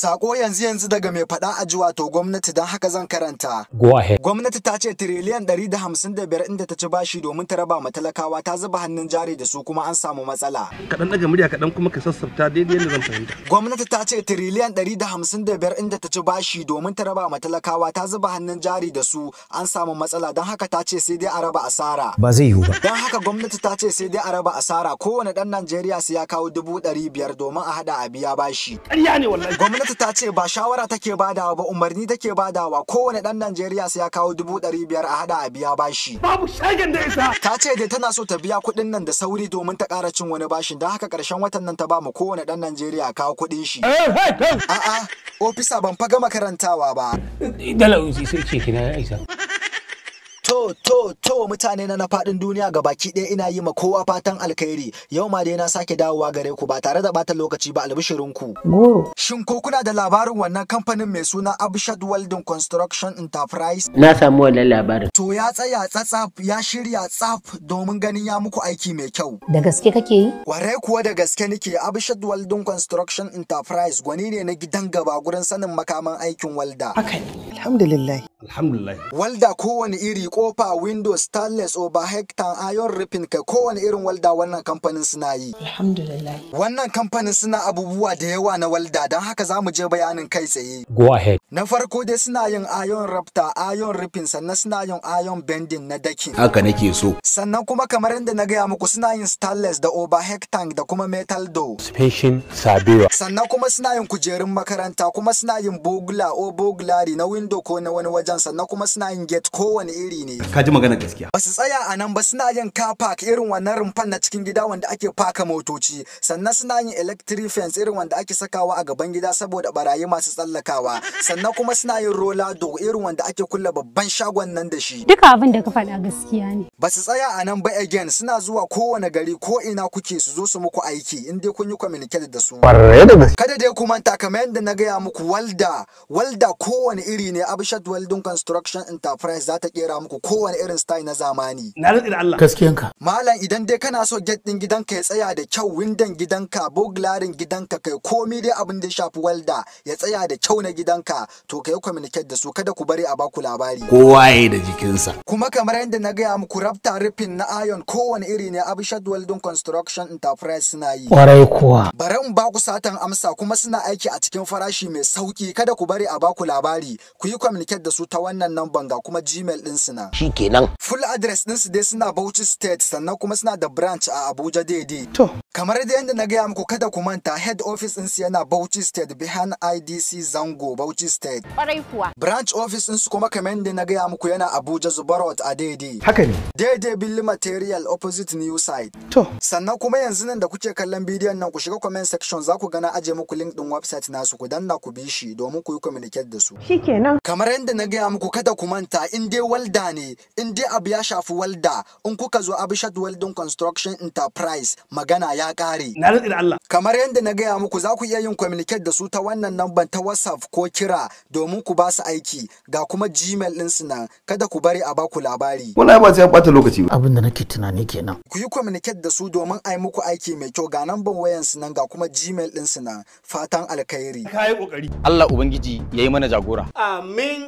Sako yanzu yanzu daga mai faɗa a ji wato gwamnati don haka zan karanta. Gwamnati ta ce tiriliyan ɗari da hamsin da biyar inda ta ci bashi domin ta raba ma talakawa ta zuba hannun jari da su kuma an samu matsala. Kaɗan daga murya kaɗan kuma ka sassafta daidai yadda zan fahimta. Gwamnati ta ce tiriliyan ɗari da hamsin da biyar inda ta ci bashi domin ta raba ma talakawa ta zuba hannun jari da su an samu matsala don haka ta ce sai dai a raba asara. Ba zai yiwu ba. Don haka gwamnati ta ce sai dai a raba asara kowane ɗan Najeriya sai ya kawo dubu ɗari biyar domin a haɗa a biya bashi. Ƙarya ne wallahi. Gwamnati gwamnati ta ce ba shawara take badawa ba umarni take badawa kowane dan Najeriya sai ya kawo dubu ɗari biyar a hada a biya bashi. Babu shagen da isa. Ta ce dai tana so ta biya kuɗin nan da sauri domin ta ƙara cin wani bashin don haka ƙarshen watan nan ta ba mu kowane dan Najeriya a kawo kuɗin shi. Eh, A'a, ofisa ban faga makarantawa ba. Dala sai ce kina Aisha. To, to, to mutane na na faɗin duniya ga baki ɗaya ina yi ma kowa fatan alkhairi. Yau ma dai na sake dawowa gare ku ba tare da bata lokaci ba albishirinku. Goro. Shin ko kuna da labarin wannan kamfanin mai suna Abshad Welding Construction Enterprise? Na samu wannan labarin. To ya tsaya tsatsaf ya shirya tsaf domin ganin ya muku aiki mai kyau. Da gaske kake yi? Ware kuwa da gaske nake Abshad Welding Construction Enterprise gwani ne na gidan gaba gurin sanin makaman aikin walda. Haka ne. Alhamdulillah. Alhamdulillah. Walda kowane iri kofa window stainless overhead tan iron rufin kai kowane irin walda wannan kamfanin suna yi alhamdulillah wannan kamfanin suna abubuwa da yawa na walda don haka za mu je bayanin kai tsaye go ahead na farko dai suna yin iron rafta iron ripping sannan suna yin iron bending na daki. haka nake so sannan kuma kamar yadda na gaya muku suna yin stainless da overhead tank da kuma metal door spacing Sabewa. sannan kuma suna yin kujerun makaranta kuma suna yin bogula o bogulari na window ko na wani wajen sannan kuma suna yin gate kowane iri tarihi ne ka ji magana gaskiya ba su tsaya a nan ba suna yin car park irin wannan rumfan na cikin gida wanda ake faka motoci sannan suna yin electric fence irin wanda ake sakawa a gaban gida saboda barayi masu tsallakawa sannan kuma suna yin roller do irin wanda ake kulle babban shagon nan da shi duka abin da ka faɗa gaskiya ne ba su tsaya a nan ba again suna zuwa kowane gari ko ina kuke su zo su muku aiki in dai kun yi communicate da su kada dai kuma manta kamar yadda na gaya muku walda walda kowane iri ne abishat welding construction enterprise za ta kera muku muku kowane irin style na zamani. Na da Allah. Gaskiyanka. Malam idan dai kana so gate din gidanka ya tsaya da kyau windon gidanka buglarin gidanka kai komi dai abin da ya shafi walda ya tsaya da kyau na gidanka to kai communicate da su kada ku bari a baku labari. Kowa ya da jikinsa. Kuma kamar yadda na gaya muku rafta rufin na iron kowane iri ne Abishad Welding Construction Enterprise suna yi. Kwarai kuwa. Bari mu ba ku satan amsa kuma suna aiki a cikin farashi mai sauki kada ku bari a baku labari ku yi communicate da su ta wannan nan banga kuma Gmail ɗinsu Ghana. Shi kenan. Full address ɗinsu dai suna Bauchi State sannan kuma suna da branch a Abuja daidai. To. Kamar da yadda na gaya muku kada ku manta head office ɗinsu yana Bauchi State behind IDC Zango Bauchi State. kuwa. Branch office su kuma kamar da na gaya muku yana Abuja Zubarot Road a daidai. Haka ne. Daidai bill Material opposite New Site. To. Sannan kuma yanzu nan da kuke kallon bidiyon nan ku shiga comment section za ku gana aje muku link ɗin website nasu ku danna ku bi shi domin ku yi communicate da su. Shikenan. Kamar yadda na gaya muku kada ku manta in dai walda mutane in dai abu ya shafi walda in kuka zo abishad welding construction enterprise magana ya kare na da Allah kamar yadda na gaya muku za ku iya yin communicate da su ta wannan namban ta whatsapp ko kira domin ku ba su aiki ga kuma gmail din su nan kada ku bari a baku labari wallahi ba sai bata lokaci ba abin da nake tunani kenan ku yi communicate da su domin a yi muku aiki mai kyau ga namban wayan su nan ga kuma gmail din su na fatan alkhairi kai kokari Allah ubangiji yayi mana jagora amin